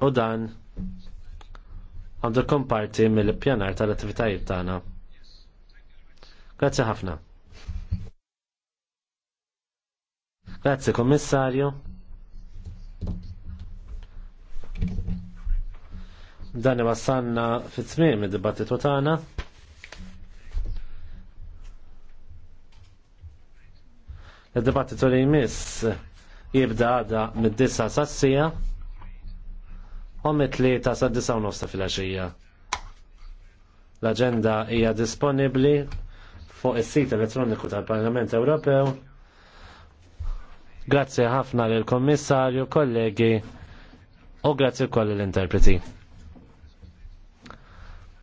u dan għandu komparti mill-pjanar tal-attivitajiet tagħna. Grazzi ħafna. Grazzi Kommissarju. Dan wasanna fit-tmiem id-dibattitu tagħna. il dibattitu li jmiss jibda għada mid-disa sassija. Omit li ta' sa' disa' nofsa fil-axija. L-agenda hija disponibli fuq is-sit elettroniku tal-Parlament Ewropew. Grazzi ħafna lill-Kommissarju, kollegi u grazzi wkoll l-interpreti.